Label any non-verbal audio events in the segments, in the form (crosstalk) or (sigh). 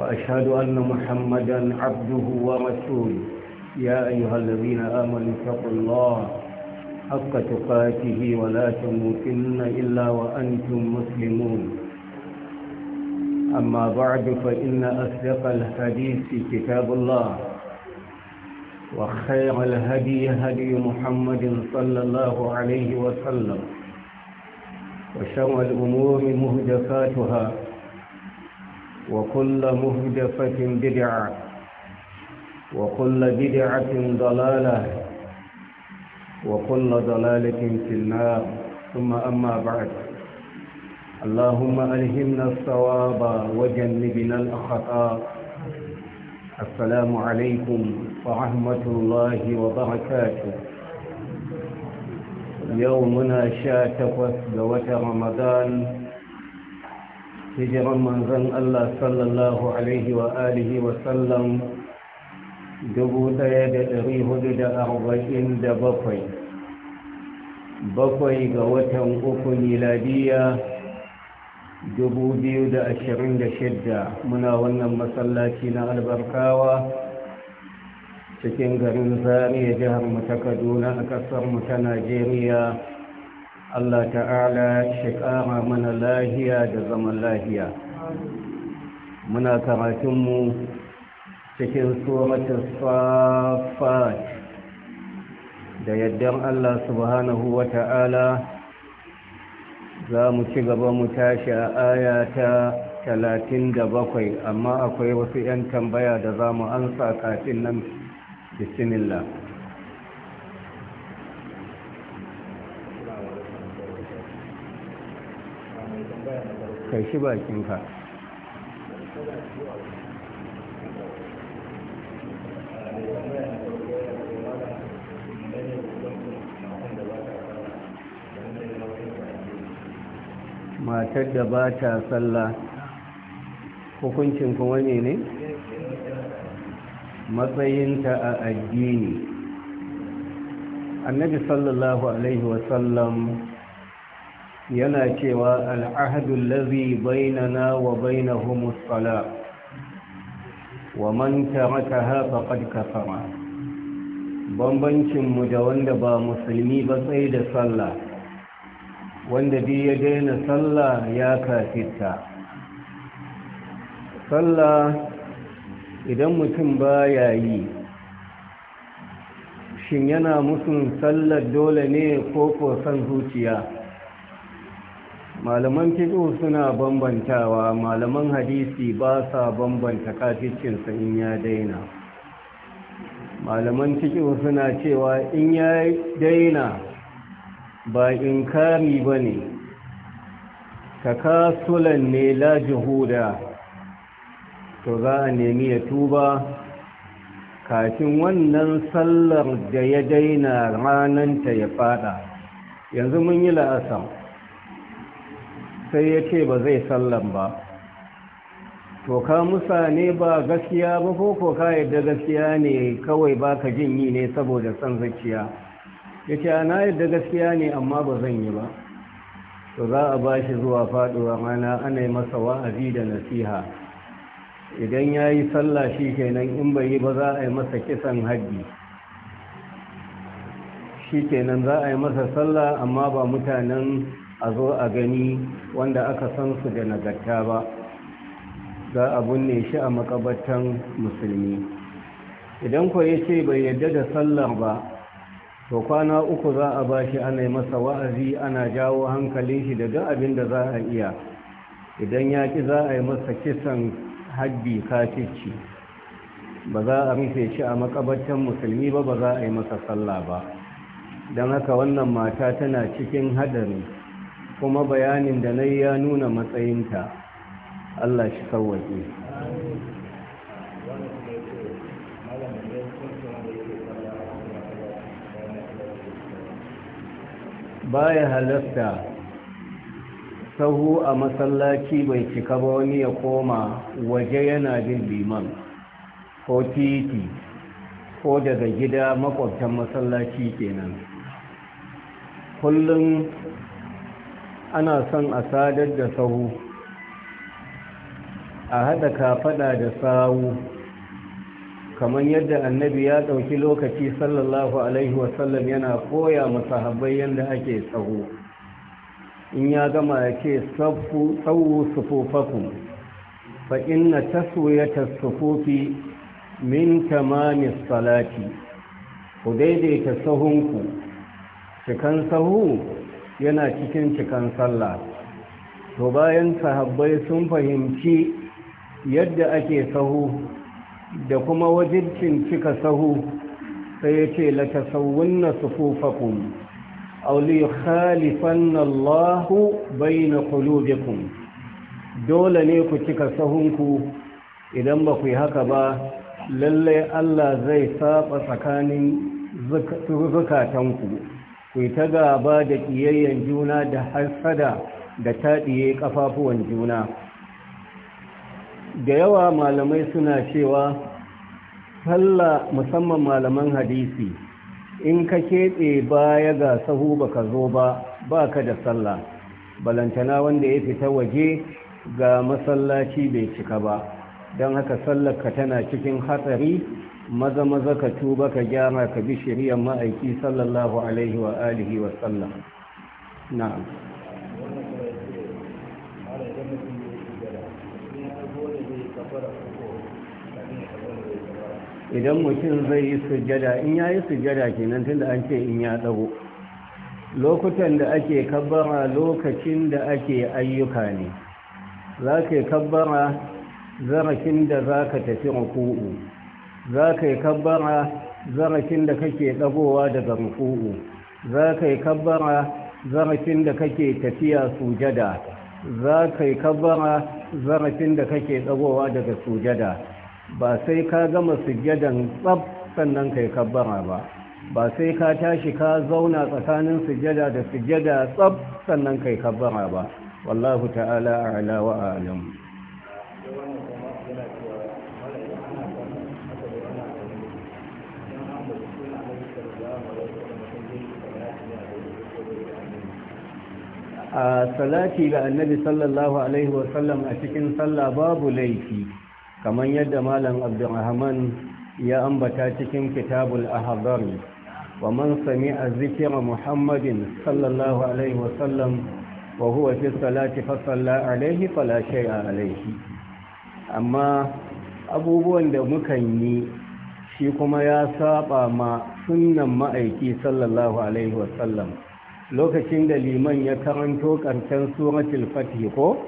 وأشهد أن محمدا عبده ورسوله يا أيها الذين آمنوا اتقوا الله حق تقاته ولا تموتن إلا وأنتم مسلمون أما بعد فإن أصدق الحديث كتاب الله وخير الهدي هدي محمد صلى الله عليه وسلم وشر الأمور مهدفاتها وكل مهدفة بدعة وكل بدعة ضلالة وكل ضلالة في النار ثم أما بعد اللهم ألهمنا الصواب وجنبنا الأخطاء السلام عليكم ورحمة الله وبركاته يومنا شاتفت بوت رمضان hijiran manzon Allah sallallahu alaihi wa alihi wa sallam bakwai. bakwai ga watan uku miladiya shidda, muna wannan masallaci na albarkawa cikin garin zariya jihar mu ta kaduna a ƙasarmu ta najeriya Allah ta'ala shi ƙara mana lahiya da zaman lahiya muna karatunmu cikin tsoratar safat da yaddan Allah subhanahu wa ta'ala za mu ci gaba mu tashi a aya ta talatin da bakwai amma akwai wasu 'yan tambaya da za mu ansa kafin nan bismillah tashi bakinka matar da ba ta sallah hukuncin kuma ne ne matsayinta a addini annabi sallallahu alaihi wasallam yana cewa al'ahadun lazi na wa humus sala wa manta tarakaha faqad kafara bambancin mu da wanda ba musulmi ba sai da sallah wanda bi ya daina sallah ya kafita sallah idan mutum baya yi shin yana musun sallar dole ne ko san zuciya malaman fiqh suna bambantawa malaman hadisi ba sa bambanta kaficinsa in ya daina malaman fiqh suna cewa in ya daina ba inkari bane ba ne la juhuda to za a nemi ya tuba kafin wannan sallar da ya daina ta ya fada yanzu mun yi la'asar sai ya ce ba zai sallan ba to ka musa ne ba gaskiya ba ko ko ka yadda gaskiya ne kawai ba ka jin yi ne saboda san zakiya? ya ce ana yadda gaskiya ne amma ba zan yi ba to za a ba shi zuwa faɗuwa mana ana masa wa'azi da nasiha idan ya yi sallah shi kenan in bai yi ba za a yi masa kisan haji shi kenan za a yi masa sallah amma ba mutanen a zo a gani wanda aka san su da nagarta ba za a binne shi a makabartan musulmi idan ku ya ce bai yadda da sallar ba to kwana uku za a bashi ana masa wa'azi ana jawo hankalin shi daga abin da za a iya idan ya ki za a yi masa kisan haddi kacici ba za a rufe shi a makabartan musulmi ba ba za a yi masa sallah ba don haka wannan mata tana cikin hadari kuma bayanin da na ya nuna matsayinta Allah shi Ba baya halatta sahu a masallaci bai cika ba wani ya koma waje yana bin liman ko titi ko daga gida makwabtan masallaci kenan kullum ana son a sadar da sahu a haɗa kafaɗa da sawu kamar yadda annabi ya ɗauki lokaci sallallahu alaihi wasallam yana koya masahabbai yadda ake sahu in ya gama ya ce tsawo sufufaku fa inna taswiyata sufufi min tamamis salati ku daidaita sahunku cikan sahu yana cikin cikan sallah to bayan sahabbai sun fahimci yadda ake sahu da kuma wajibcin cika sahu sai ya ce latasawunna sufufakum aw li khalifanna Allahu bayna qulubikum dole ne ku cika sahunku idan ba ku yi haka ba lallai Allah zai saba tsakanin zukatanku ku ta gaba da ƙiyayyen juna da hasada da taɗiye ƙafafuwan juna da yawa malamai suna cewa sallah musamman malaman hadisi in ka keɓe baya ga sahu baka zo ba baka da sallah balantana wanda ya fita waje ga masallaci bai cika ba don haka sallar ka tana cikin hatsari maza maza ka tuba ka gyara ka bi shari'ar ma'aiki sallallahu alaihi wa alihi wa sallam na idan mutum zai yi sujada, in ya yi sujada kenan tunda an ce in ya dago lokutan da ake kabbara lokacin da ake ayyuka ne za ka yi kabbara zarafin da za ka tafi ruku'u za ka yi kabbara zarafin da kake ɗagowa daga ruku'u za ka yi kabbara zarafin da kake tafiya sujada za ka yi kabbara zarafin da kake ɗagowa daga sujada ba sai ka gama sujadan tsab sannan ka yi kabbara ba ba sai ka tashi ka zauna tsakanin sujada da sujada tsab sannan ka yi kabbara ba wallahu ta'ala a'la wa a'lam a salati ga annabi sallallahu alaihi wasallam a cikin sallah babu laifi kamar yadda malam abdurrahman ya ambata cikin kitabul ahadari wa man sami'a zikra muhammadin sallallahu alaihi wasallam wa huwa fi salati fa salla alaihi fala shay'a alaihi amma abubuwan da mukan yi shi kuma ya saba ma sunnan ma'aiki sallallahu alaihi wasallam lokacin da liman ya karanto ƙarshen suratul fatih ko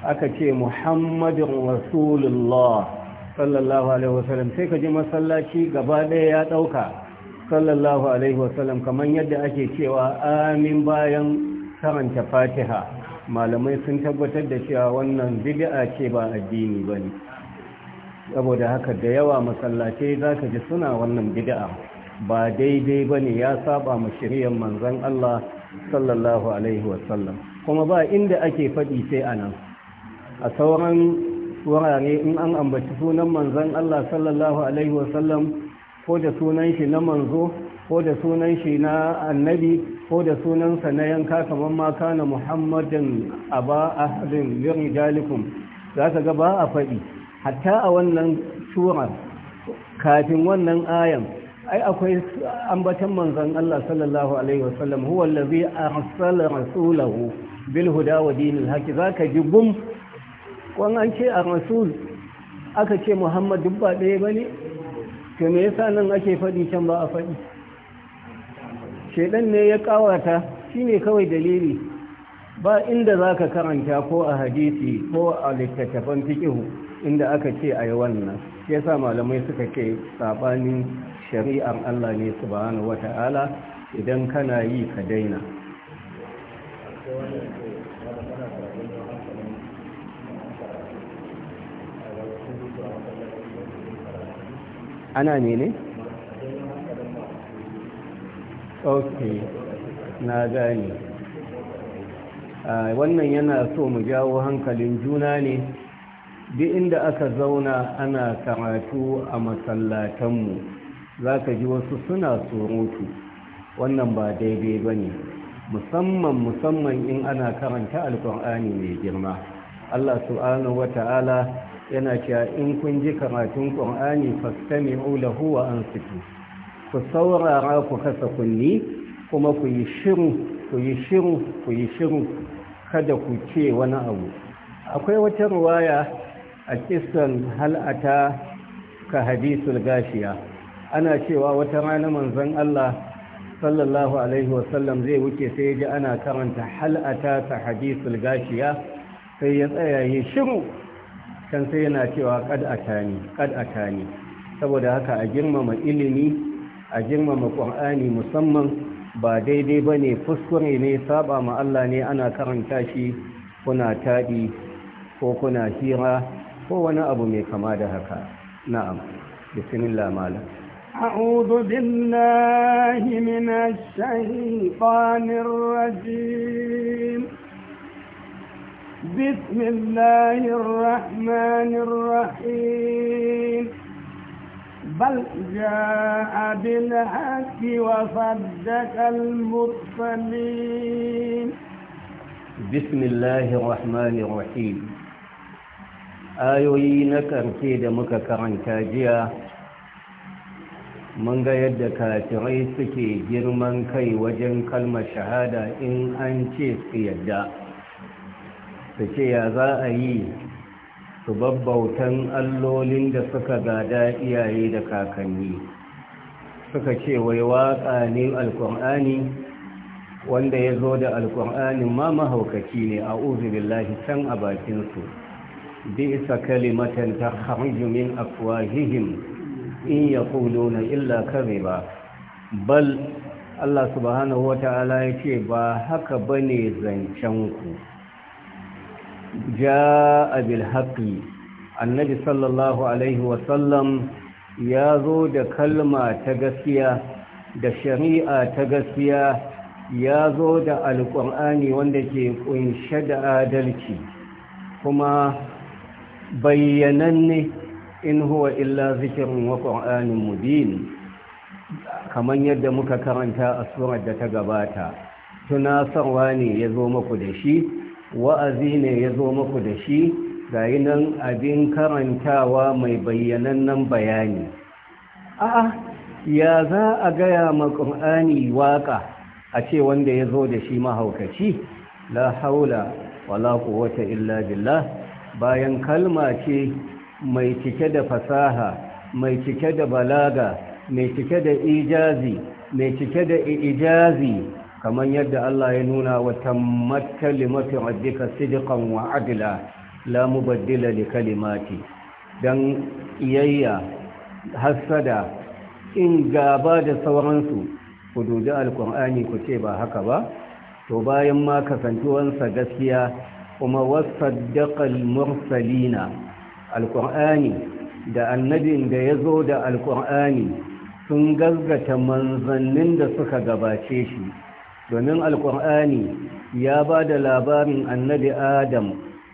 aka ce muhammadin rasulullah sallallahu alaihi wasallam sai ka ji masallaci gaba ɗaya ya ɗauka sallallahu alaihi wasallam kamar yadda ake cewa amin bayan karanta fatiha malamai sun tabbatar da cewa wannan bid'a ce ba addini bane saboda haka da yawa masallatai zaka ji suna wannan bid'a ba daidai bane ya saba mu shiriyar manzon Allah sallallahu alaihi wasallam kuma ba inda ake faɗi sai a nan a sauran wurare in an ambaci sunan manzon Allah sallallahu alaihi wasallam ko da sunan shi na manzo ko da sunan shi na annabi ko da sunan sa na yanka kamar ma kana muhammadin aba ahadin min za zaka ga ba a faɗi hatta a wannan sura kafin wannan ayan ai akwai ambatan manzon Allah sallallahu alaihi wasallam huwa allazi arsala rasulahu bil huda wa dinil haqi zaka ji gum kun an ce a rasul aka ce Muhammad duk ba ɗaya bane to me yasa nan ake faɗi can ba a faɗi shedan ne ya kawata shine kawai dalili ba inda zaka karanta ko a hadisi ko a littattafan fiqh inda aka ce ayi wannan shi yasa malamai suka ke sabanin shari'ar Allah ne su subhanahu wata'ala idan kana yi ka daina ana ne ne? ok na gani ah, wannan yana so mu jawo hankalin juna ne duk inda aka zauna ana karatu a masallatanmu za ka ji wasu suna surutu wannan ba daidai ba ne musamman musamman in ana karanta alkur'ani mai girma allah subhanahu wata'ala yana cewa in kun ji karatun ƙur'ani ula huwa an ansitu ku saurara ku kasa kunni kuma ku yi shiru ku yi shiru ku yi shiru kada ku ce wani abu akwai wata ruwaya a kisan hal'ata ka hadisul gashiya ana cewa wata rana manzon Allah sallallahu alaihi wasallam zai wuce sai ji ana karanta hal'ata ka hadisul gashiya sai ya tsaya yi shiru kan sai yana cewa kad atani kad atani saboda haka a girmama ilimi a girmama qur'ani musamman ba daidai bane fuskure ne saba ma Allah ne ana karanta shi kuna taɗi ko kuna hira هو wani abu mai kama da haka na'am bismillah malam أعوذ بالله من الشيطان الرجيم بسم الله الرحمن الرحيم بل جاء بالحق وصدق المرسلين بسم الله الرحمن الرحيم ayoyi na karfe da muka karanta jiya mun ga yadda kafirai suke girman kai wajen kalmar shahada in an ce su yadda su ce ya za a yi su babbautan allolin da suka gada iyaye da kakanni suka ce wai waƙa ne alƙur'ani wanda ya zo da Alƙur'ani, ma mahaukaci ne a uzubillahi can a bakinsu بئس كلمة تخرج من أفواههم إن يقولون إلا كذبا بل Allah subhanahu wata'ala ya ce ba haka ba ne ku. ja abil haƙi annabi sallallahu alaihi wasallam ya zo da kalma ta gaskiya da shari'a ta gaskiya ya zo da alƙur'ani wanda ke ƙunshe da adalci kuma bayyananne in huwa illa zikirin wa ƙwa'anin mubin kamar yadda muka karanta a surar da ta gabata tunasarwa ne ya zo maku da shi wa'azi ne ya zo maku da shi ga nan abin karantawa mai bayyanannen bayani a'a ya za a gaya ma ƙur'ani waƙa a ce wanda ya zo da shi mahaukaci la haula wala quwwata illa billah bayan kalma ce mai cike da fasaha mai cike da balaga mai cike da ijazi mai cike da ijazi kamar yadda Allah ya nuna wa tammat kalimatu rabbika sidqan wa adla la mubaddila li kalimati dan iyayya hasada in gaba da sauransu ku duji alkur'ani ku ce ba haka ba to bayan ma kasantuwansa gaskiya kuma wasaddaƙal mursalina alƙur'ani da annabin da ya zo da alƙur'ani sun gazgata manzannin da suka gabace shi domin alƙur'ani ya ba da labarin annabi adam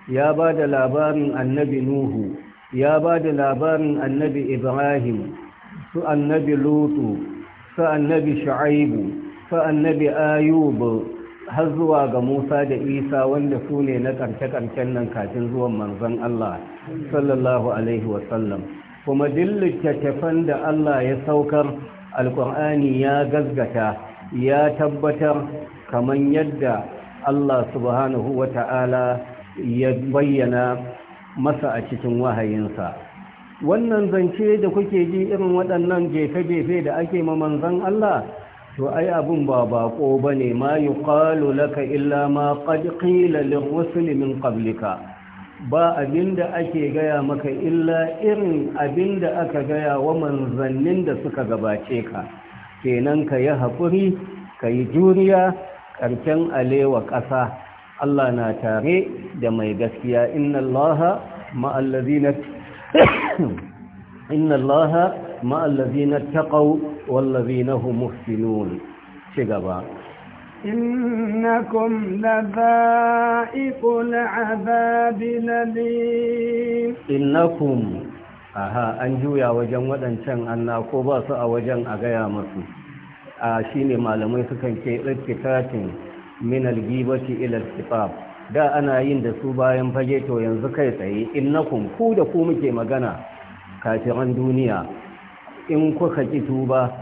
ya ba da labarin annabi nuhu ya ba da labarin annabi ibrahim su annabi lutu su annabi shu'aibu su annabi ayubu har zuwa ga Musa da Isa wanda su ne na ƙarshe-ƙarshen nan kafin zuwan manzon Allah sallallahu Alaihi wasallam kuma duk littattafan da Allah ya saukar alƙur'ani ya gazgata ya tabbatar kamar yadda Allah subhanahu wa ta'ala ya bayyana masa a cikin wahayinsa wannan zance da kuke ji irin waɗannan jefe-jefe da ake ma manzon Allah to ai abun ba bako bane ma yuqalu laka illa ma qad qila lirrusul min qablika ba abinda ake gaya maka illa irin abinda aka gaya wa manzannin da suka gabace ka kenan ka yi haƙuri ka yi juriya ƙarshen alewa ƙasa Allah na tare da mai gaskiya inna allaha ma'allazina (coughs) inna allaha ma allazina taqaw wallazina hum muhsinun ci gaba إنكم لذائق العذاب الأليم aha an juya wajen waɗancan anna ko ba su a wajen a gaya masu a shine malamai sukan ce katin min algibati ila alkitab da ana yin da su bayan fage to yanzu kai tsaye innakum ku da ku muke magana kafiran duniya in kuka ki tuba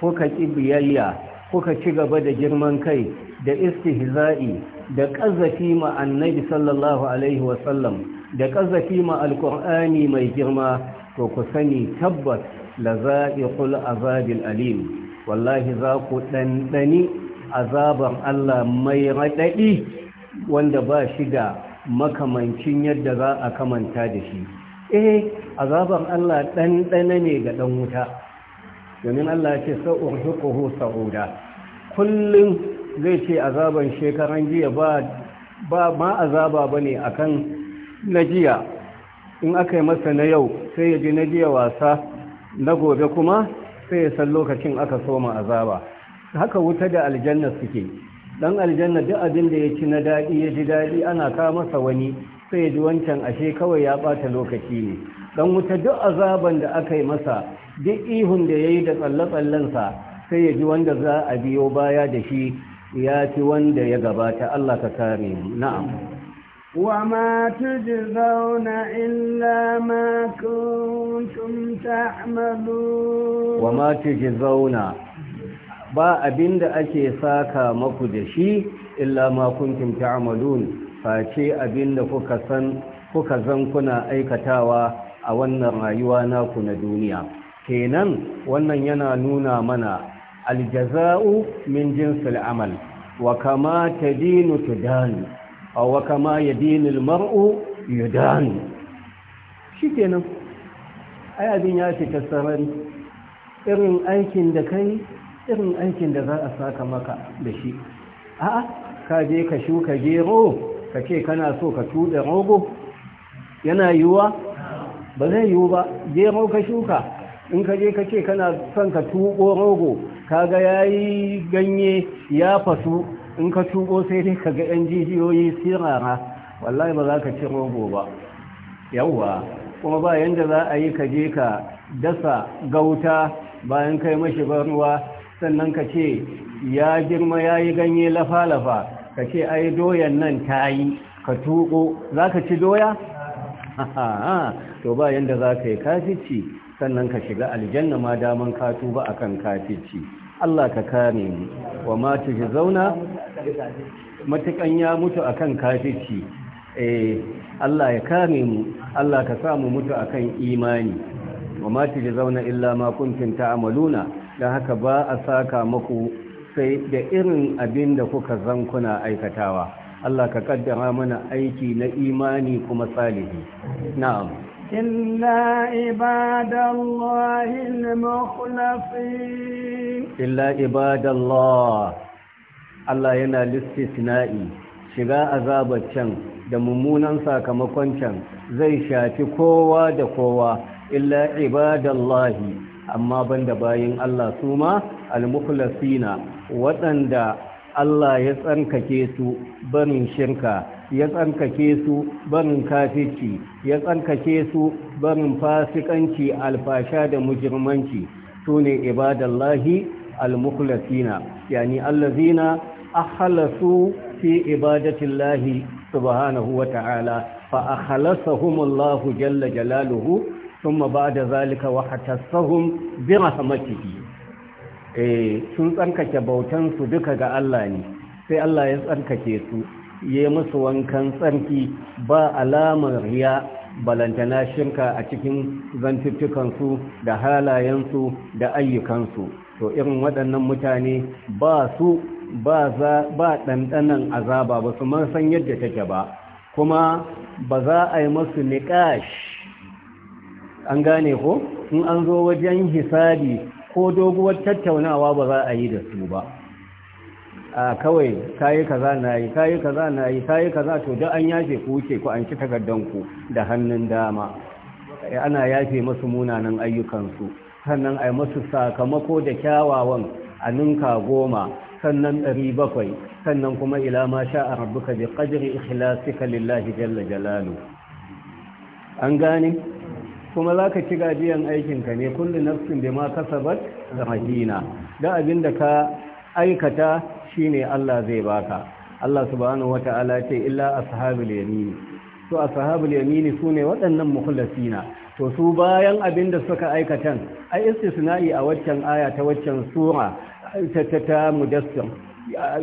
kuka ki biyayya kuka ci gaba da girman kai da istihza'i da ƙazafi ma annabi sallallahu alaihi wasallam da ƙazafi ma alƙur'ani mai girma to ku sani tabbas la za'iqul azabil alim wallahi za ku ɗanɗani azabar Allah mai raɗaɗi wanda ba shi da makamancin yadda za a kamanta da shi eh azaban Allah ɗanɗana ne ga ɗan wuta domin Allah ce sa'ur hukuhu sa'uda kullum zai ce azaban shekaran jiya ba ma azaba bane akan najiya in aka yi masa na yau sai ya ji na wasa na gobe kuma sai ya san lokacin aka soma azaba haka wuta da aljanna suke dan aljanna duk abin da ya ci na daɗi ya ji daɗi ana ka masa wani sai ji wancan ashe kawai ya ɓata lokaci ne dan wuta duk azaban da aka yi masa duk ihun da ya yi da tsalle-tsallensa sai ya ji wanda za a biyo baya da shi ya ci wanda ya gabata Allah ka kare mu na'am wa ma tujzauna illa ma kuntum ta'malun wa ma tujzauna ba abinda ake saka maku da shi illa ma kuntum ta'malun face abin da kuka san kuka zan kuna aikatawa a wannan rayuwa naku na duniya kenan wannan yana nuna mana aljaza'u min jinsil amal wa kama tadinu tudanu aw wa kama yadinu almar'u yudanu shikenan ai abin ya fita sarari irin aikin da kai irin aikin da za a saka maka da shi a'a ka je ka shuka gero ka ce kana so ka tuɗe rogo yana yiwuwa ba zai yiwu ba gero ka shuka in ka je ka ce kana son ka tuɓo rogo kaga ya yi ganye ya fasu in ka tuɓo sai dai ka ga 'yan jijiyoyi sirara wallahi ba za ka ci rogo ba yauwa kuma ba yanda za a yi ka je ka dasa gauta bayan kai mashi ruwa sannan ka ce ya girma ya yi ganye lafa-lafa ka ce ai doyan nan ta yi ka tuko za ka ci doya? (laughs) to ba yadda za ka yi kafici sannan ka shiga aljanna ma daman ka tuba a kan kafici Allah ka kame ni. wa ta shi zauna matukan ya mutu a kan kafici eh, Allah ya kame mu Allah ka samu mutu a kan imani wa ta shi zauna illa ma ta amaluna dan haka ba a saka maku sai da irin abin da kuka zan kuna aikatawa Allah ka kaddara mana aiki na imani kuma salihi na'am illa ibadallahi al-mukhlasin illa ibadallah Allah yana listisna'i shiga azabar can da mummunan sakamakon can zai shafi kowa da kowa illa ibadallahi amma banda bayin Allah su ma al-mukhlasina waɗanda Allah ya tsankake su barin shirka ya tsankake su barin kafici ya tsankake su barin fasikanci alfasha da mujirmanci su ne ibadallahi almukhlasina yani allazina akhlasu fi ibadatillahi subhanahu wa ta'ala fa akhlasahumullahu jalla jalaluhu ba da zalika wa hatassahum bi rahmatihi eh sun tsarkake bautansu duka ga Allah ne sai Allah ya tsarkake su ya musu wankan tsarki ba alamar riya balantana shirka a cikin zantuttukansu da halayensu da ayyukansu to irin waɗannan mutane ba su ba za ɗanɗanan azaba ba su man san yadda take ba kuma ba za a yi musu niƙash an gane ko in an zo wajen hisabi ko doguwar tattaunawa ba za a yi da su ba a kawai kayi kaza na yi kayi kaza na yi kayi kaza to da an yafe ku wuce ku an ci ku da hannun dama ana yafe masu munanan ayyukansu sannan a yi masu sakamako da kyawawan a ninka goma sannan ɗari bakwai sannan kuma ila ma sha a ka bi qadri ikhlasika lillahi jalla jalalu an gane kuma za ka ci gajiyan aikinka ne kullu nafsin da ma da hajjina da abin da ka aikata shine Allah zai baka Allah subhanahu wata'ala ce illa ashabul yamini to Yamini su sune waɗannan mukhlasina to su bayan abin da suka aikatan ai istisna'i a waccan aya ta waccan sura ta ta mudassir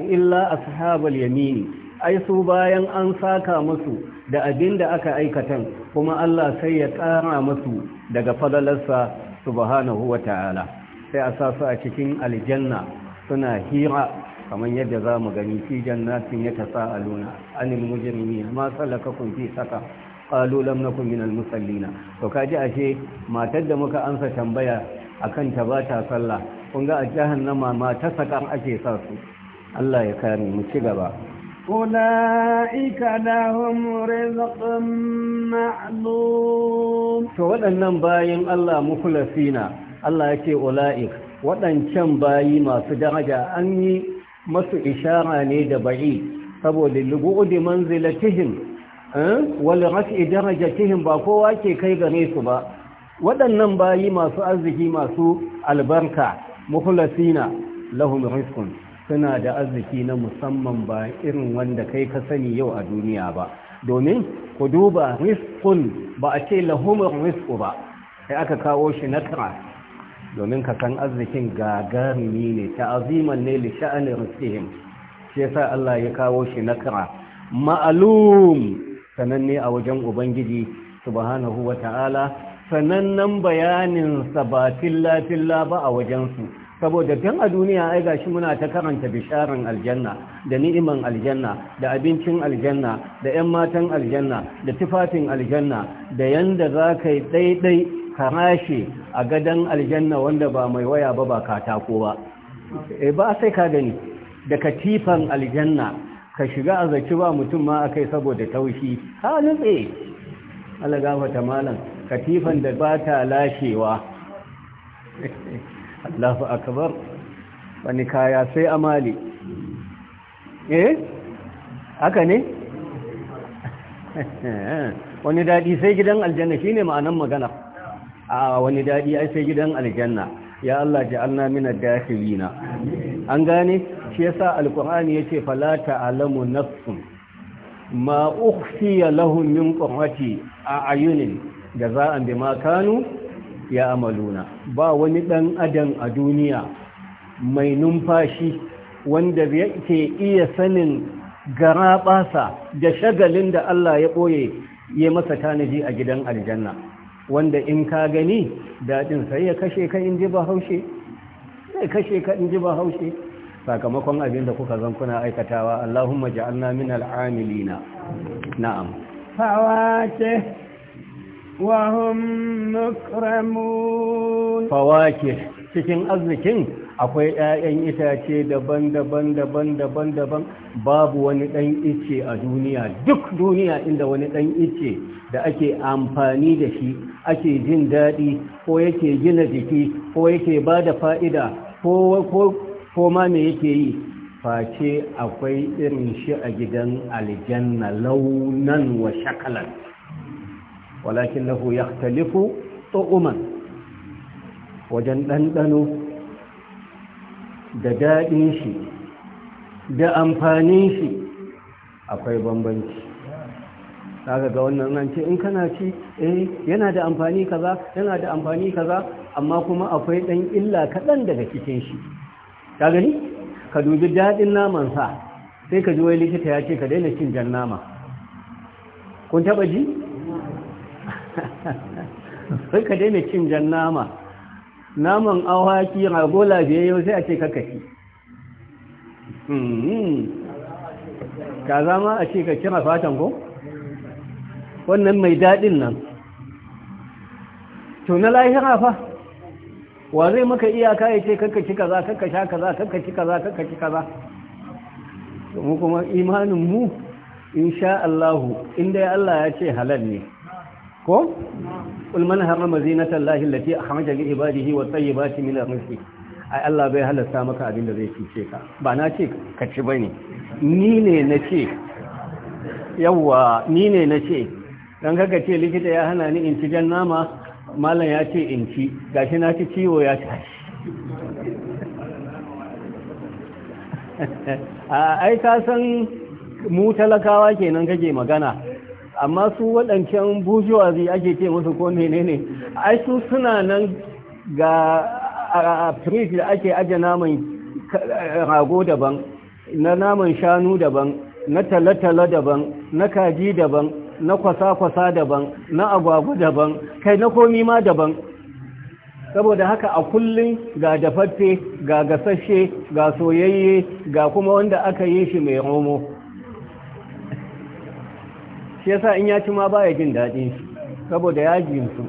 illa ashabul Yamini. ai su bayan an saka musu da abin da aka aikatan kuma Allah sai ya ƙara musu daga fadalarsa subhanahu wa ta'ala sai a sa su a cikin aljanna suna hira kamar yadda za mu gani fi jannatin ya tasa aluna anil mujrimi ma kun fi saka qalu lam nakun minal musallina to kaji ashe matar da muka ansa tambaya akan ta ba ta sallah kun ga a jahannama ma ta sakan ake sa su Allah ya kare mu ci gaba أولئك لهم رزق معلوم Allah باين الله مخلصين الله يكي bayi masu daraja an yi masu ishara ne da bari. saboda lugudi manzilatihim eh, wal rafi darajatihim ba kowa ke kai gare su ba waɗannan bayi masu arziki masu albarka mukhlasina lahum rizqun suna da arziki na musamman ba irin wanda kai ka sani yau a duniya ba domin ku duba rizqun ba a ce lahumar risku ba sai aka kawo shi na kira domin ka san arzikin gagarumi ne aziman ne li sha'anin rizqihim shi yasa Allah ya kawo shi na kira ma'alum sananne a wajen ubangiji subhanahu ta'ala, sanannen bayanin sabatin lafilla ba a wajensu saboda tun a duniya ai gashi muna ta karanta bisharan aljanna da ni'iman aljanna da abincin aljanna da 'yan matan aljanna da tufafin aljanna da yanda za ka yi daidai karashi a gadon aljanna wanda ba mai waya ba ba katako ba e ba sai ka gani da katifan aljanna ka shiga a zaci ba mutum ma kai saboda taushi ka nutse Allah gafarta malam katifan da ba ta lashewa (laughs) Allahu akbar wani kaya sai amali eh haka ne (laughs) wani dadi sai gidan aljanna shine ma'anan magana a wani dadi ai sai gidan aljanna ya Allah ja'alna min ad-dakhilina an gane shi yasa alqur'ani yace fala ta'lamu nafsun ma ukhfiya lahum min qurrati a'yunin jaza'an bima kanu ya amaluna ba wani ɗan adam a duniya mai numfashi wanda yake iya sanin garaɓasa da shagalin da Allah ya boye ya masa tanaji a gidan aljanna wanda in ka gani daɗin sai ya kashe ka in ji ba haushe sai kashe ka in ji ba haushe sakamakon abin da kuka zan kuna aikatawa Allahumma ja'alna min al'amilina na'am fawate وهم مكرمون فواكه cikin arzikin akwai 'ya'yan itace daban-daban daban-daban daban babu wani ɗan ice a duniya duk duniya inda wani ɗan ice da ake amfani da shi ake jin daɗi ko yake gina jiki ko yake ba da fa'ida ko ma me yake yi face akwai irin shi a gidan aljanna launan wa shakalan ولكنه يختلف طعما wajen ɗanɗano da daɗin shi da amfanin shi akwai bambanci kaga ga wannan nan ce in kana ci eh yana da amfani kaza yana da amfani kaza amma kuma akwai ɗan illa kaɗan daga cikin shi ka gani ka dubi daɗin naman sa sai ka ji wai likita ya ce ka daina cin jan nama kun taɓa ji sai ka daina cin jan nama naman awaki rago yau sai a ce ka kaci kaza hmm. ma a ce ka kira fatan ko wannan mai daɗin nan to na lahira fa wa zai maka iyaka ya ce kakka ci kaza kakka sha kaza kakka ci kaza kakka ci kaza kuma imanin mu sha Allahu inda Allah ya ce halal ne ko ulman harama harrama tallahi lati a akhraja bada ibadihi wa tsaye, tayyibati min rizqi ai Allah bai halasta maka abin da zai cuce ka ba na ce ka ci bane ni ne na ce Yawwa, ni ne na ce dan kaka ce likita ya hana ni in ci jan nama malam ya ce in ci gashi na ci ciwo ya tashi (laughs) a ai ka san mu talakawa kenan kake magana amma su waɗancan zai ake ce musu ko menene ai su suna nan ga a da ake aje naman rago daban na naman shanu daban na talatala daban na kaji daban na kwasa-kwasa daban na agwagu daban kai na komi ma daban saboda haka a kullum ga dafaffe ga gasashe ga soyayye ga kuma wanda aka yi shi mai romo shi yasa in ya ci ma baya jin daɗin shi saboda ya su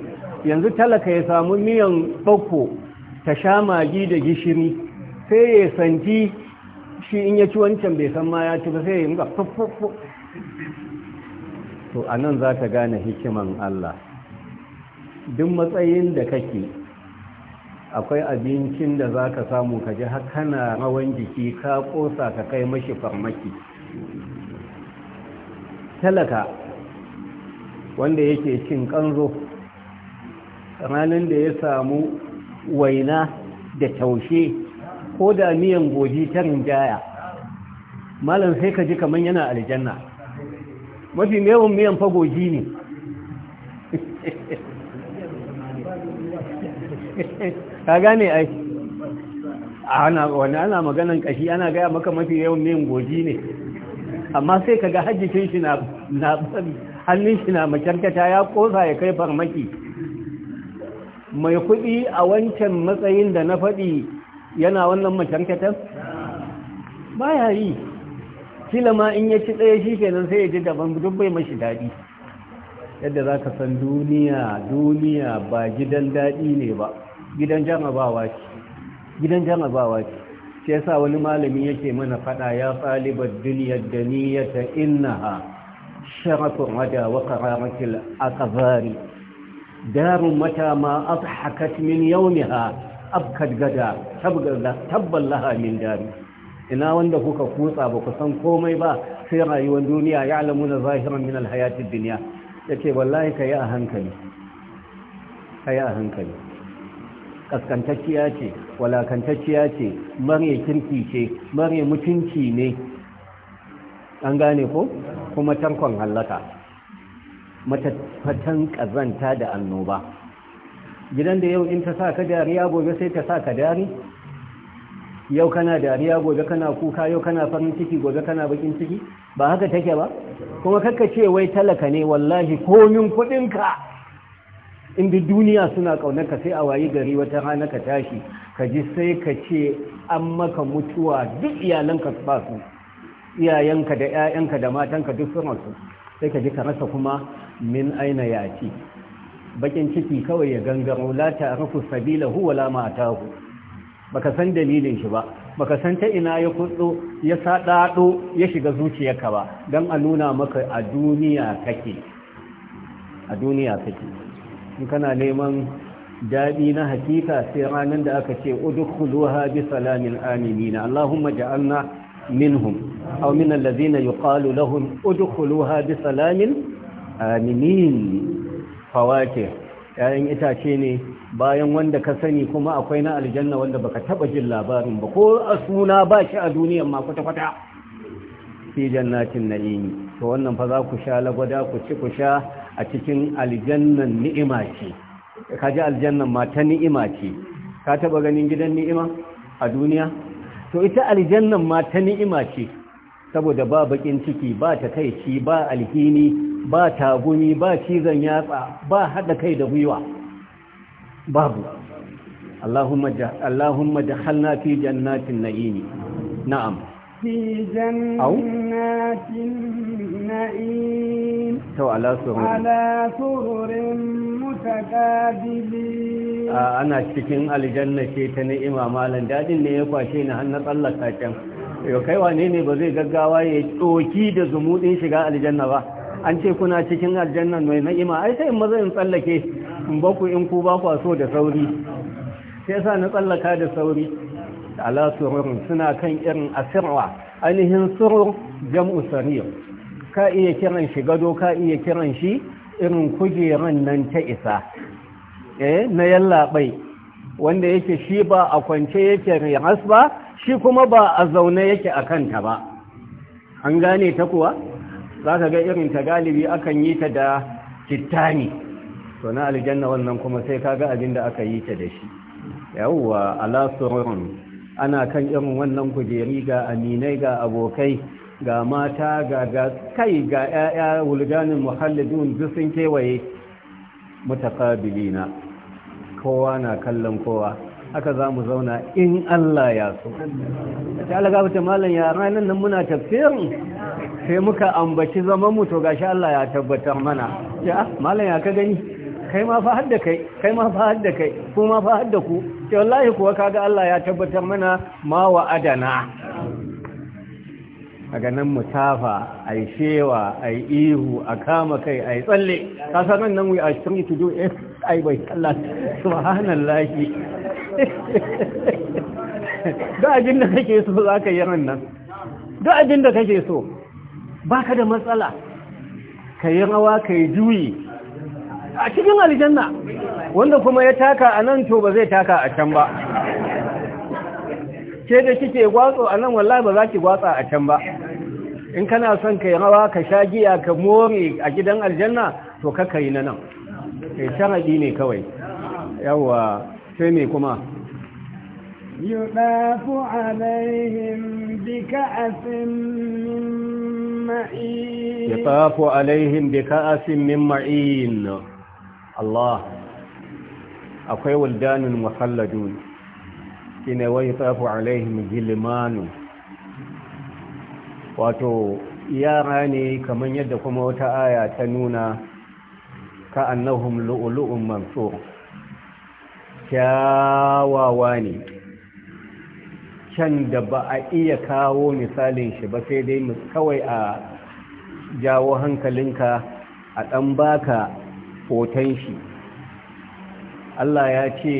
yanzu talaka ya samu miyan ɗauko ta sha magi da gishiri sai ya santi shi in ya ci wancan bai san ma ya ci ba sai ya yi muka fuffuffu to a nan za ta gane hikiman Allah duk matsayin da kake akwai abincin da za ka samu ka ji hakana rawan jiki ka ƙosa ka kai mashi farmaki talaka wanda yake cin kanzo ranar da ya samu waina da taushe ko da miyan goji ta rinjaya malam sai ka ji kamar yana aljanna mafi mewun miyan fagoji ne ka gane ai ana maganan kashi ana gaya maka mafi yawan miyan goji ne amma sai kaga hajjikin shi na hannun shi na makyarkata ya kosa ya kai farmaki mai kuɗi a wancan matsayin da na faɗi yana wannan makyarkatar ba ya yi kila ma in ya ci ɗaya shi kenan sai ya ji daban duk bai mashi daɗi yadda za ka san duniya duniya ba gidan daɗi ne ba gidan jama'a ba gidan ce shi yasa wani malami yake mana fada ya talibar duniyar inna ha sharafin wada wa a aqbari darun mata ma hakat min ha abkad gada tabban laha min dari ina wanda kuka kutsa ba ku san komai ba sai rayuwar duniya ya na zahiran min alhayatid duniya ce wallahi yi a hankali yi a hankali kaskantacciya ce walakantacciya ce mare kirki ce mare mutunci ne an gane ko kuma tarkon hallaka matafatan kazanta da annoba gidan da yau in ta sa ka dariya gobe sai ta sa ka dari yau kana dariya gobe kana kuka yau kana farin ciki gobe kana bakin ciki ba haka take ba kuma kakkace ce wai talaka ne wallahi komin kudinka in duniya suna ka sai a wayi gari wata rana ka tashi ka ji sai ka ce an maka mutuwa duk iyalanka ba su iyayenka da 'ya'yanka da matanka duk sun rasu sai ka ji ka rasa kuma min aina ya ce bakin ciki kawai ya gangaro la ma a wala Ba baka san dalilin shi ba baka san ta ina ya kutso ya sadado ya shiga zuciyarka ba dan a nuna maka a duniya kake a duniya kake in kana neman daɗi na hakika sai ranar da aka ce udkhuluha bi salamin Aminina. Allahumma ja'alna minhum aw min alladhina yuqalu lahum udkhuluha bi salamin aminin fawake yayin itace ne bayan wanda ka sani kuma akwai na aljanna wanda baka taba jin labarin ba ko asuna suna ba shi a duniyan ma kwata kwata fi jannatin na'im to wannan fa za ku sha lagwada ku ci ku sha a cikin aljannan ni'ima ce ka ji aljannan ma ta ni'ima ce ka taba ganin gidan ni'ima a duniya to ita aljannan ma ta ni'ima ce saboda ba bakin ciki ba ta kai ci, ba alhini ba tagumi ba cizon yatsa ba hada kai da gwiwa babu Allahumma Allahumma dakhalna fi jannatin na'im na'am في جنات النعيم على سرر على أنا cikin aljanna ce ta ni'ima Malam. Daɗin ne ya kwashe na tsallaka kai wane ne ba zai gaggawa ya tsoki da zumudin shiga aljanna ba an ce kuna cikin aljanna mai na'ima ai sai in maza in tsallake in baku in ku ba so da sauri sai sa na tsallaka da sauri ala sururin suna kan irin asirwa ainihin surur jam'u sarir ka iya kiran shi gado ka iya kiran shi irin kujeran nan ta isa eh na yallaɓai wanda yake shi ba a kwance yake riras ba shi kuma ba a zaune yake a kanta ba an gane ta kuwa za ka ga irin ta galibi akan yi ta da kittani to na aljanna wannan kuma sai kaga ga abin da aka yi ta da shi yawwa ala sururun ana kan irin wannan kujeri ga aminai ga abokai ga mata ga kai ga 'ya'ya wulganin muhallidun duk sun kewaye mutakabilina kowa na kallon kowa haka za mu zauna in Allah ya so ta alaga wata malam ya ranar nan muna tafsirin sai muka ambaci zaman mu to gashi Allah ya tabbatar mana ya malam ya ka gani kai ma fa hadda kai kai ma fa hadda kai ku ma fa hadda ku to wallahi kuwa kaga Allah ya tabbatar mana ma wa adana a ganin mutafa ai shewa ai ihu a kama kai ai tsalle ka san nan we are trying to do it ai bai Allah subhanallah (laughs) duk ajin da kake so za ka yi nan duk ajin da kake so baka da matsala ka yi rawa kai juyi a cikin aljanna wanda kuma ya taka a nan to ba zai taka a can ba ke da kike gwatso a nan wallahi ba za ki gwatsa a can ba in kana son kai rawa ka sha giya ka more a gidan aljanna to kaka yi na nan sai sharadi ne kawai yawa sai me kuma يطاف عليهم بكأس من معين يطاف Allah akwai waldanun muhalladun shine wai tsafu alaihim gilmanu wato yara ne kamar yadda kuma wata aya ta nuna ka annahum lu'lu'un mansur kyawawa ne can da ba a iya kawo misalin shi ba sai dai kawai a jawo hankalinka a ɗan baka hoton shi Allah ya ce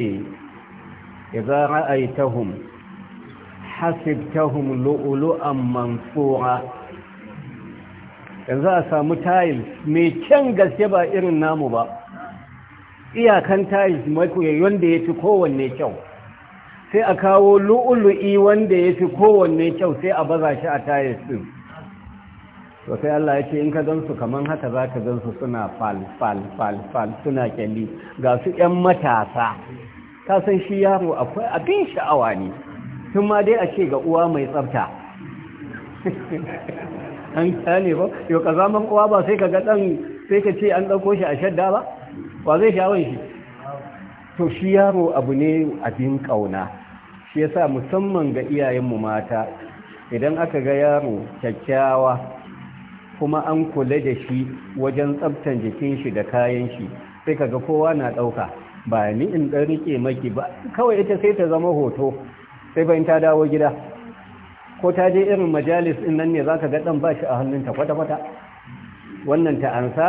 idza ra'aitahum hasibtahum lu'lu'an mansura yanzu a samu tiles mai can gaske ba irin namu ba iyakan tiles mai wanda ya fi kowanne kyau sai a kawo lu'ulu'i wanda ya fi kowanne kyau sai a baza shi a tiles din to sai Allah ya ce in ka gansu kaman haka za ka gansu suna fal fal fal fal suna kyalli ga su ƴan matasa ka san shi yaro akwai abin sha'awa ne tun ma dai a ce ga uwa mai tsafta (laughs) an kyale ba yau ka zaman uwa ba sai ka ga ɗan sai ka ce an ɗauko shi a shadda ba wa zai sha'awar shi to shi yaro abu ne abin ƙauna shi yasa musamman ga iyayenmu mata idan aka ga yaro kyakkyawa kuma an kula da shi wajen tsabtan jikin shi da kayan shi sai kaga kowa na ɗauka ba ni in ɗan rike maki ba kawai ita sai ta zama hoto sai bayan ta dawo gida ko ta je irin majalis din nan ne za ka ga ɗan ba shi a hannunta kwata-kwata wannan ta ansa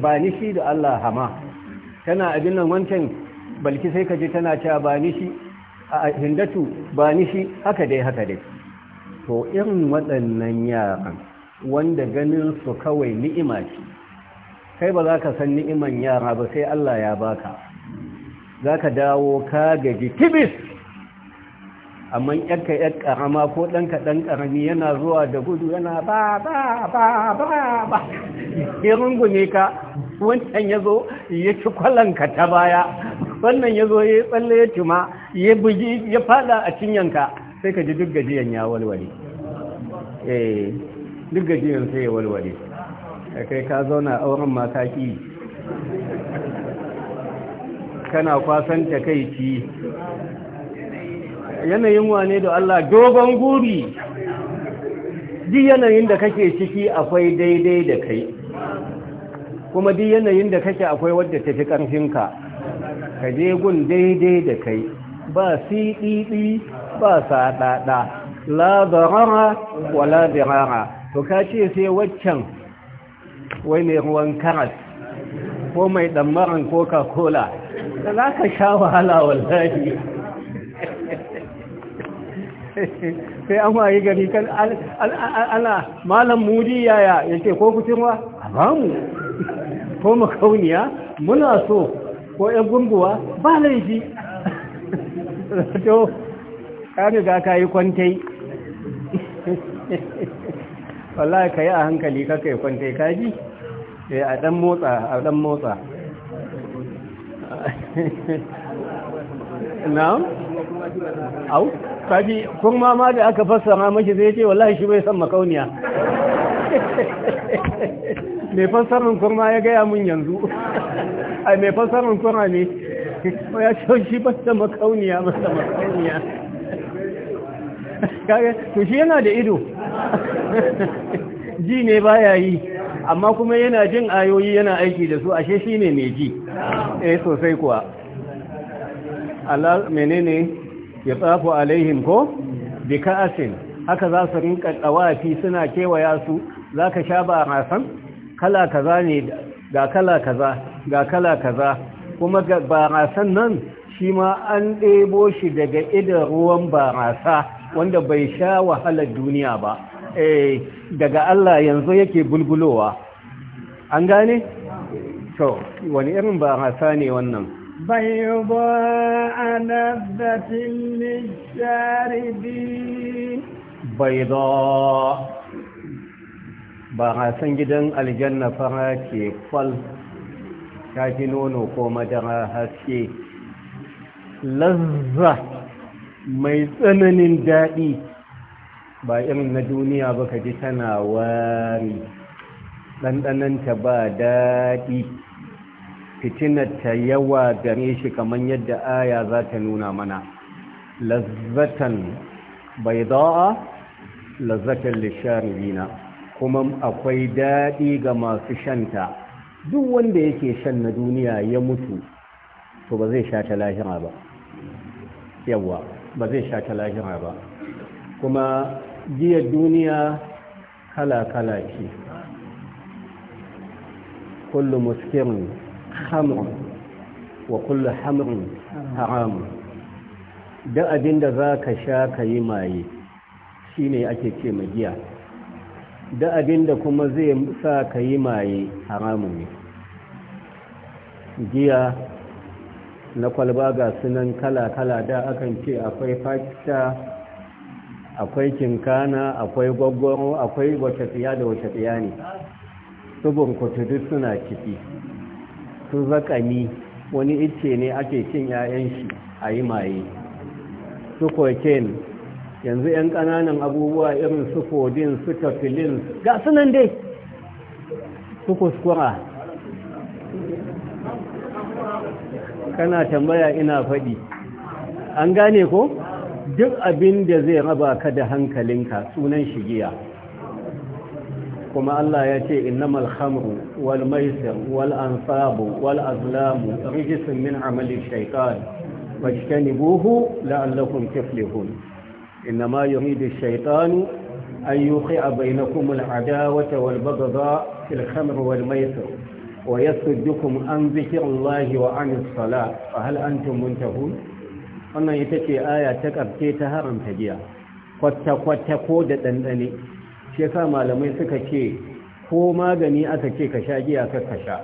ba ni shi da Allah hama tana abin nan wancan balki sai ka je tana cewa ba ni shi a hindatu ba ni shi haka dai haka dai to irin waɗannan yaran wanda ganin su kawai ni'ima ce kai ba za ka san ni'iman yara ba sai Allah ya baka za ka dawo ka gaji tibis amma yanka yan karama ko ɗanka ɗan karami yana zuwa da gudu yana ba ba ba ba ba ya rungume ka wancan ya zo ya ci kwalanka ta baya wannan ya zo ya tsalle ya tuma, ya bugi ya fada a cinyanka sai ka ji duk gajiyan ya walwale eh duk gajiyar sai ya walwale da kai ka zauna auren makaƙi. kana kwasan takaici yanayin wane da Allah dogon guri duk yanayin da kake ciki akwai daidai da kai kuma duk yanayin da kake akwai wadda fi ƙarfinka ka je gun daidai da kai ba ɗiɗi, ba saɗaɗa la zarara wa la zirara to ka ce sai waccan wai mai ruwan karas ko mai ɗammaran coca-cola da za ka sha wahala wallahi sai an waye gari kan ana malam mudi yaya ya ce ko kucinwa a bamu ko makauniya muna so ko ‘yan gunguwa ba laifi (laughs) to ka riga ka yi kwantai (laughs) wallahi ka yi a hankali ka kai kwanta ka ji eh, a dan motsa a dan motsa (laughs) na'am au kaji kun ma da aka fassara mashi zai ce wallahi shi bai san makauniya (laughs) mai fassarin kurma ya gaya mun yanzu (laughs) ai mai fassarin kurma ne ya ce shi basta makauniya basta makauniya to shi yana da ido (laughs) ji ne baya yi amma kuma yana jin ayoyi yana aiki da su ashe shi ne mai ji eh sosai kuwa Allah menene ya tsafu alaihim ko bi ka'asin haka za su rinka tsawafi suna kewaya su Za ka sha ba rasan kala kaza ne ga kala kaza ga kala kaza kuma ga barasan nan shi ma an ɗebo shi daga idan ruwan barasa wanda bai sha wahalar duniya ba eh daga Allah yanzu yake bulbulowa an gane to wani irin ba hasa ne wannan بيضاء لذة للشاربين بيضاء ba hasan gidan aljanna fara ke kwal ta ji nono ko madara haske lazza mai tsananin daɗi ba irin na duniya ba ka ji tana wari ɗanɗananta ba daɗi ta yawa gare shi kamar yadda aya za ta nuna mana lazzatan bai za'a lazzatan lisharibina kuma akwai daɗi ga masu shanta duk wanda yake shan na duniya ya mutu to ba zai sha ta lahira ba yawa ba zai sha ta lahira ba kuma jiya duniya kala-kala ce kullu muskirin hamrun wa kullu hamrun haramun da abin za ka sha ka yi maye shi ne ake ce magiya da abinda kuma zai sa ka yi maye haramun ne giya na kwalba ga sunan kala-kala da akan ce akwai fakita akwai kinkana akwai gwaggwaro akwai wata tsiya da wata tsiya ne subin kutudu suna ciki su zakami wani ice ne ake cin 'ya'yan shi a yi maye su kwakin yanzu 'yan ƙananan abubuwa irin su kodin su tafilin ga sunan dai su kuskura kana tambaya ina faɗi an gane ko duk abin da zai raba ka da hankalinka sunan shigiya kuma Allah ya ce innamal khamru wal maisir wal ansabu wal azlamu rijisun min amali shaitan fajtanibuhu la'allakum tuflihun innama yuridu shaitanu an yuqi'a bainakum al adawata wal baghdha fil khamr wal maisir ويصدكم عن ذكر الله وعن الصلاة فهل أنتم منتهون wannan ita ce aya ta ƙarfe ta haramta giya kwata-kwata ko da ɗanɗane shi malamai suka ce ko magani aka ce ka sha giya ka kasha.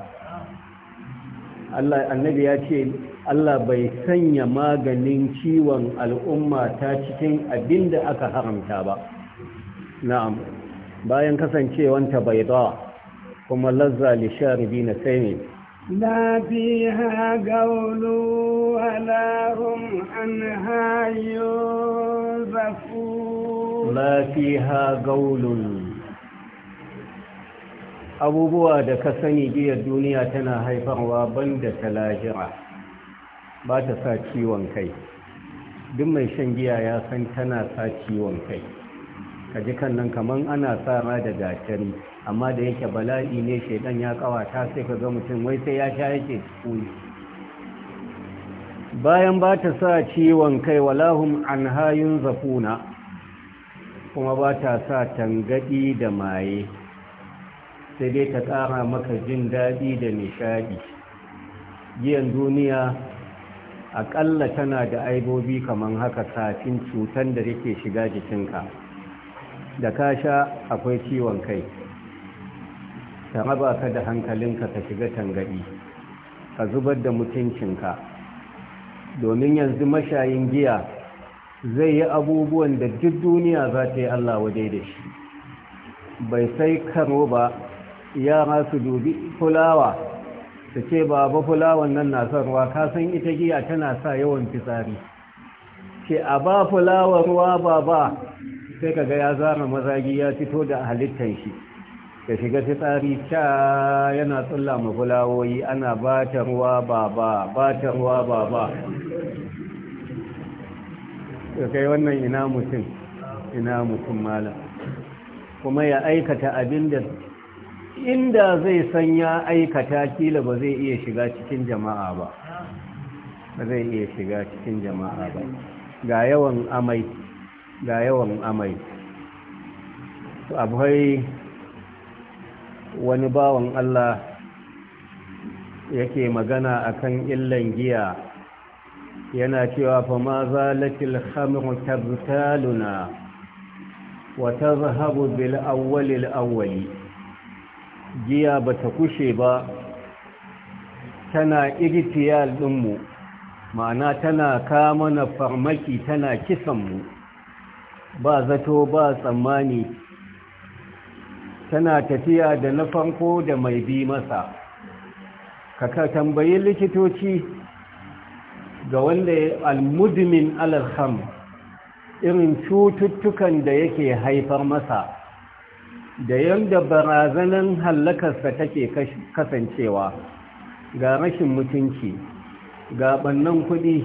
sha annabi ya ce Allah bai sanya maganin ciwon al'umma ta cikin abinda aka haramta ba na'am bayan kasancewanta bai dawa kuma lazza li sharibina sai ne la fiha hum la abubuwa da ka sani biyar duniya tana haifarwa banda talajira ba ta sa ciwon kai duk mai shan giya ya san tana sa ciwon kai kaji kan nan kaman ana sa da gatari amma da yake bala'i ne shaidan ya kawata sai ka ga mutum wai sai ya sha yake kuni bayan ba ta sa ciwon kai walahum an hayun zafuna kuma ba ta sa tangadi da maye sai dai ta ƙara maka jin daɗi da nishaɗi giyan duniya aƙalla tana da aibobi kamar haka kafin cutan da yake shiga jikinka da ka sha akwai ciwon kai Ka raba ka da hankalinka ka shiga tangaɗi ka zubar da mutuncinka domin yanzu mashayin giya zai yi abubuwan da duk duniya za ta yi Allah waje da shi bai sai karo ba yara su dubi fulawa su ce baba fulawan nan na son ruwa ka san ita giya tana sa yawan fitsari ce a ba fulawa ruwa ba, sai ka ga ya zara mazagi ya fito da halittar shi Da shiga fitsari ta yana tsalla ma fulawoyi ana ba ta ruwa ba ba ba ta ruwa ba ba kai wannan ina mutum ina mutum malam kuma ya aikata abin da inda zai san ya aikata kila ba zai iya shiga cikin jama'a ba ba zai iya shiga cikin jama'a ba ga yawan amai ga yawan amai hai wani bawan Allah yake magana akan illan giya yana cewa fa ma zalatil khamru tabtaluna wa tazhabu bil awwal al awwal giya bata kushe ba tana igtiyal dinmu ma'ana tana kama na farmaki tana kisan mu ba zato ba tsammani tana tafiya da na farko da mai bi masa ka tambayi likitoci ga wanda almudmin alalham irin cututtukan da yake haifar masa da yadda barazanan hallakarsa take kasancewa ga rashin mutunci ga bannan kuɗi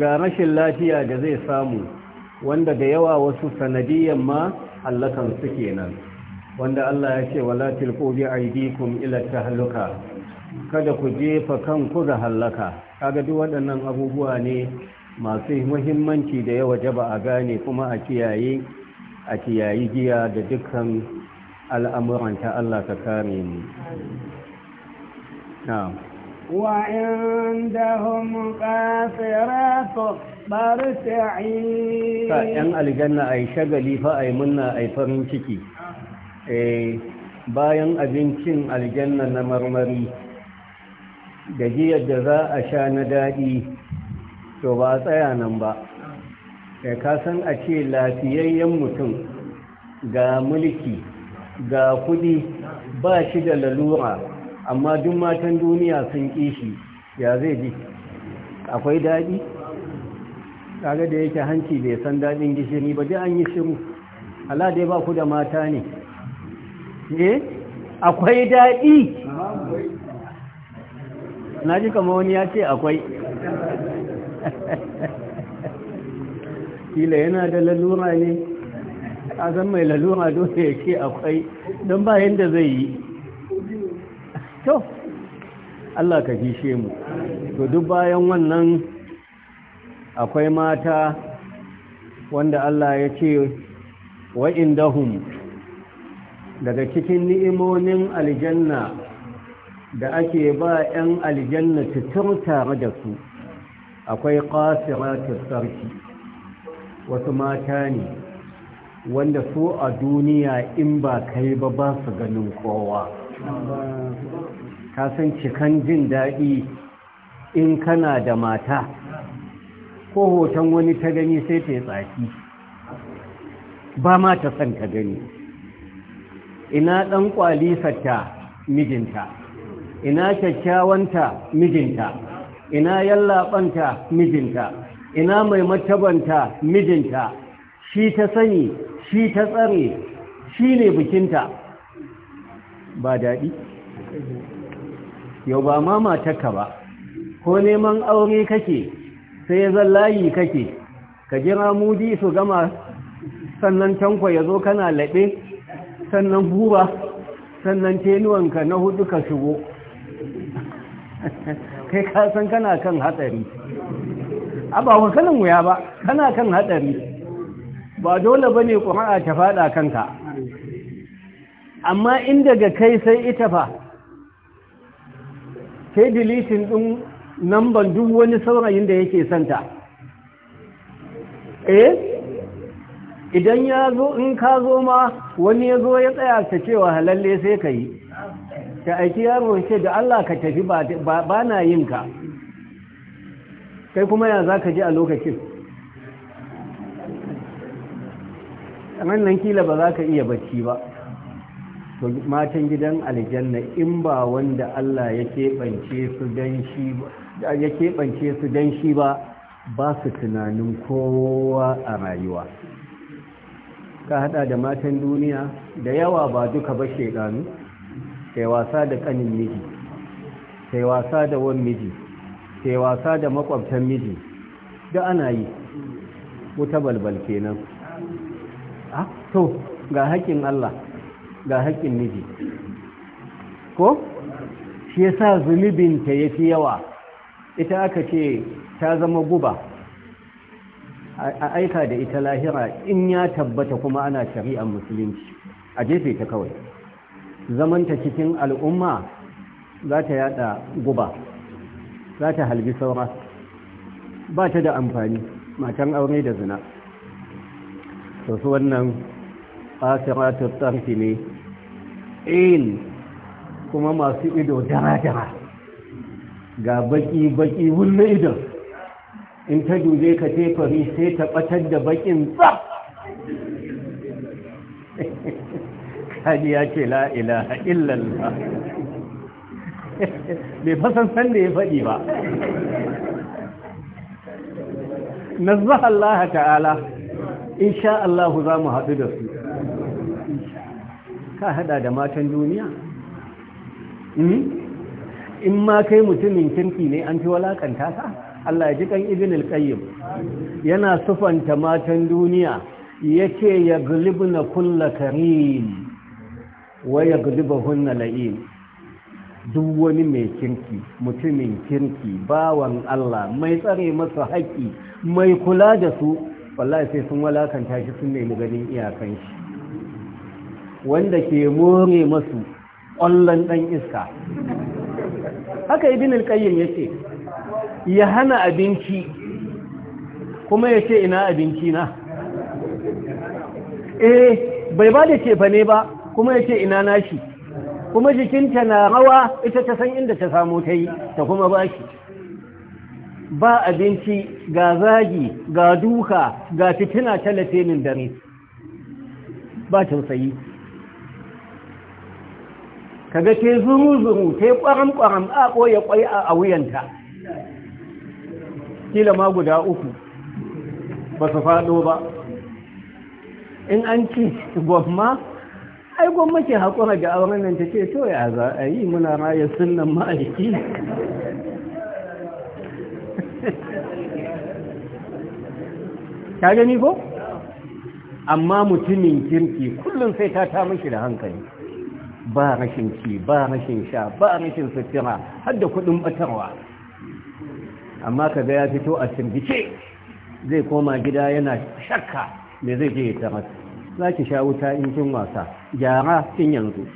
ga rashin lafiya da zai samu wanda da yawa wasu sanadiyan ma hallakan su nan. wanda Allah ya ce wala tilqu bi aydikum ila tahluka kada ku jefa kanku ga halaka kaga duk waɗannan abubuwa ne masu muhimmanci da ya wajaba a gane kuma a kiyaye a giya da dukkan ta Allah ka kare mu na'am وعندهم قاصرات الطرف عين فان الجنه اي شغلي فاي منا farin ciki. Eh, bayan abincin aljanna na marmari da jiyar da za a sha na daɗi to ba a tsaya nan ba eh, ka kasan a ce lafiyayyen mutum ga mulki ga kudi ba shi da lalura amma duk matan duniya sun kishi ya zai ji akwai daɗi kaga da yake hanci bai san daɗin gishiri ba ji an yi shiru ala dai ba ku da mata ne Eh? akwai daɗi na ji kama wani ya ce akwai (laughs) kila yana da lalura ne a zan mai lalura dole ya ce akwai don bayan da zai yi to Allah ka fishe mu to duk bayan wannan akwai mata wanda Allah ya ce wa'indahum daga cikin ni'imomin aljanna da ake ba 'yan aljanna cutar tare da su akwai ƙasiratun sarki wasu mata ne wanda su a duniya in ba kai ba ba su ganin kowa kasan cikan jin daɗi in kana da mata ko hoton wani ta gani sai ta yi tsaki ba ma ta san ta gani ina ɗan ƙwalisarta mijinta ina kyakkyawanta mijinta ina yallaɓanta mijinta ina mai martabanta mijinta shi ta sani shi ta tsare shi ne bikinta ba daɗi yau ba ma matakka ba ko neman aure kake sai zan layi kake ka jira mudi su gama sannan tankwa ya zo kana laɓe sannan buba sannan tenuwanka na hudu ka shigo kai kasan kana kan hatsari abawa kanin wuya ba kana kan hatsari ba dole ba ne ƙwara ta fada kanka amma in daga kai sai ita fa sai dilitin ɗin namban duk wani saurayin da yake santa eh idan ya zo in ka zo ma wani ya zo ya tsaya ta cewa halalle sai ka yi ta aiki yaro ce da Allah ka tafi ba na yin ka kai kuma ya za ka ji a lokacin wannan kila ba za ka iya bacci ba to matan gidan aljanna in ba wanda Allah ya keɓance su ba ya keɓance su don shi ba ba su tunanin kowa a rayuwa ka hada da matan duniya da yawa ba duka ba shekaru sai wasa da kanin miji sai wasa da wan miji sai wasa da makwabtan miji da ana yi wuta balbal kenan A ah, to ga haƙƙin Allah ga haƙƙin miji ko shi yasa zunubin ta yafi yawa ita aka ce ta zama guba a aika da ita lahira in ya tabbata kuma ana shari'ar musulunci a jefe ta kawai zamanta cikin al'umma za ta yada guba za ta halbi saura ba ta da amfani matan aure da zina to su wannan asiratun tsarki ne in kuma masu ido dara-dara ga baki-baki wulle idon in ta dube ka tefari sai ta batar da bakin tsab kaji ya ce la ilaha illallah bai fasan san da ya faɗi ba nazzaha Allah ta'ala insha Allah za mu haɗu da su ka haɗa da matan duniya hmm? in ma kai mutumin kirki ne an fi walakanta ta? Allah ya ji kan ibn al-qayyim yana sufanta matan duniya yake ya yaglibna kulla karim wa yaglibahunna la'im duk wani mai kirki mutumin kirki bawan Allah mai tsare masa haƙi mai kula da su wallahi sai sun walakanta shi sun nemi ganin iyakan shi wanda ke more masu ƙwallon ɗan iska haka ibn al-qayyim yake ya hana abinci kuma ya ce ina abinci na eh bai ba da cefa ne ba kuma ya ce ina nashi kuma jikinta na rawa ita ta san inda ta samu ta yi ta kuma ba shi ba abinci ga zagi ga duka ga fitina min dare ba tausayi kaga ke zuru-zuru ta yi ƙwaram-ƙwaram a ɓoye ƙwai a wuyanta kila ma guda uku ba su faɗo ba in an ci gwamma ai gwamma ke haƙura ga auren nan ta ce to ya za a yi muna raye sunan ma'aiki ta gani ko? amma mutumin kirki kullum sai ta ta mashi da hankali ba rashin ci ba rashin sha ba rashin sutura har da kudin batarwa amma kaga ya fito a cirgice zai koma gida yana shakka me zai je ya masu za ki sha wuta in kin wasa gyara kin yanzu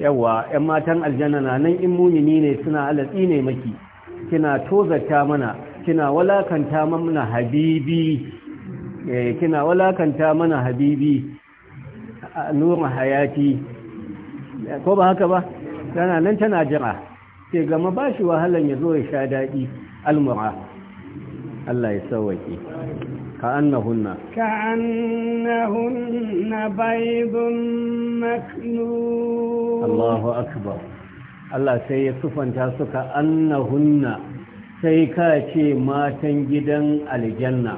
yawa yan matan aljanna na nan in mumini ne suna alatsi ne maki kina tozarta mana kina walakanta mana habibi eh kina walakanta mana habibi nuru hayati ko ba haka ba tana nan tana jira sai gama ba shi wahalan ya zo ya sha daɗi almura Allah ya sauwake كأنهن كأنهن بيض مكنون الله أكبر الله سيصفن تاسك أنهن سيكاتي ما تنجدا الجنة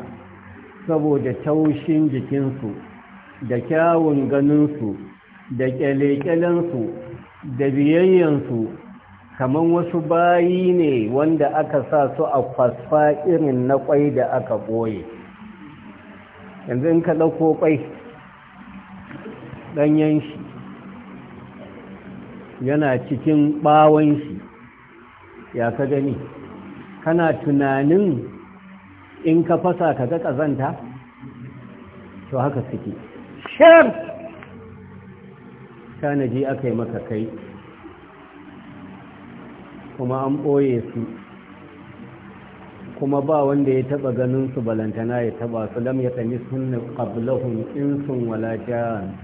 saboda taushin jikinsu da kyawun ganinsu da kyale-kyalensu da biyayyansu Kaman wasu bayi ne wanda aka sa su a kwasfa irin na kwai da aka ɓoye yanzu in ka dauko kwai ɗanyen shi yana cikin ɓawon shi ya ka gani kana tunanin in ka fasa ka ga ƙazanta to haka suke shar tanaji aka yi maka kai kuma an ɓoye su kuma ba wanda ya taɓa ganin su balantana ya taɓa su lam ya tani sunna ƙablahun insun wala jan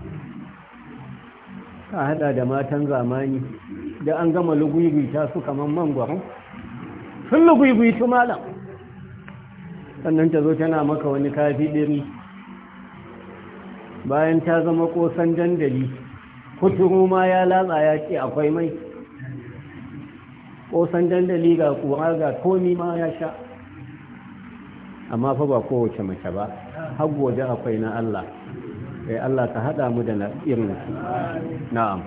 ka hada da matan zamani da an gama lugugui ta su man gwaron sun lugugui tu malam sannan ta zo tana maka wani kafi ɗiri bayan ta zama ƙosan dandali kuturu ma ya latsa ya ce akwai mai kosan dandali ga kuwa ga komi ma ya sha amma fa ba kowace mace ba har gobe akwai na Allah sai eh, Allah ka haɗa mu da irin su na'am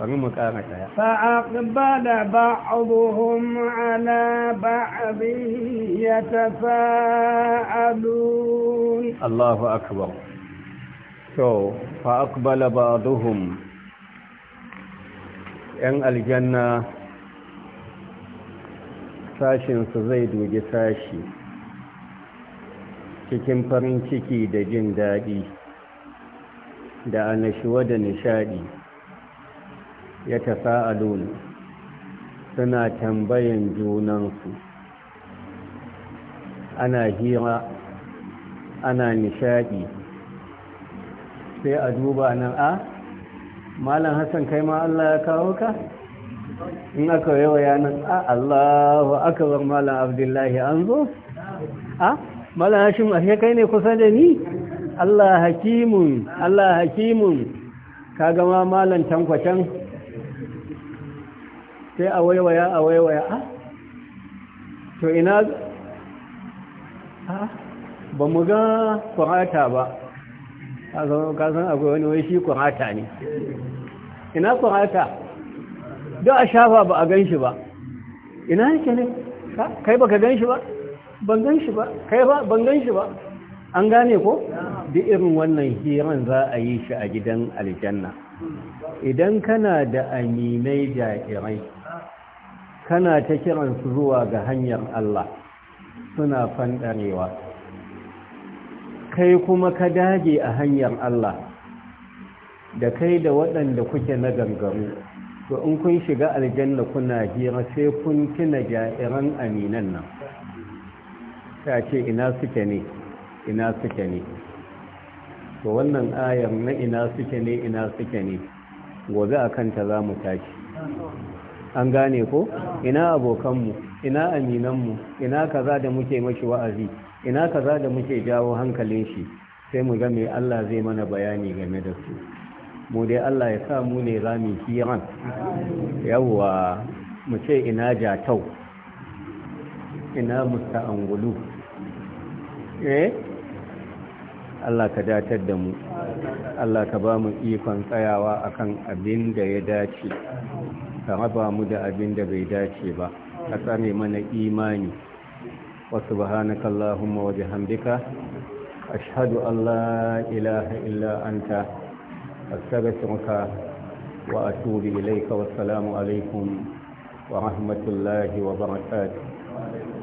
bari mu kara daya fa aqbala ba'dhum ala ba'd yatafa'alun Allahu akbar So, fa aqbala ba'dhum yan aljanna sashinsu zai dogi sashi cikin farin ciki da jin daɗi da annashuwa da nishaɗi ya tasa'alun suna tambayan junansu ana hira ana nishaɗi sai a duba nan a malam hassan kai ma Allah ya kawo ka in aka yawa nan a ah, allahu akabar malam abdullahi an zo a ah, malam hashim a kai ne kusa da ni allah hakimun allah hakimun ka gama malam tankwacen sai a waiwaya a waiwaya a ah, to ina ba mu ga kurata ba a zama kasan akwai wani wai shi kurata ne ina kurata don a shafa ba a gan shi ba ina yake ne kai ba ka gan shi ba ban gan shi ba kai ba ban gan shi ba an gane ko duk irin wannan hiran za a yi shi a gidan aljanna idan kana da aminai irai kana ta kiran su zuwa ga hanyar Allah suna fandarewa. kai kuma ka dage a hanyar Allah da kai da waɗanda kuke na gangaru. to in kun shiga aljanna kuna hira sai kun tuna jairan aminan nan ta ce ina suke ne ina suke ne to wannan ayar na ina suke ne ina suke ne gobe a kanta za mu tashi an gane ko ina abokanmu ina aminanmu ina kaza da muke mashi wa'azi ina kaza da muke jawo hankalin shi sai mu ga me Allah zai mana bayani game da su mu dai Allah ya sa mu ne rami hiran yawwa mu ce ina jatau ina angulu eh Allah ka datar da mu Allah ka ba mu ikon tsayawa akan abin da ya dace ka raba mu da abin da bai dace ba ka tsare mana imani wa subhanaka allahumma wa bihamdika ashhadu an la ilaha illa anta أستبشرك وأتوب إليك والسلام عليكم ورحمة الله وبركاته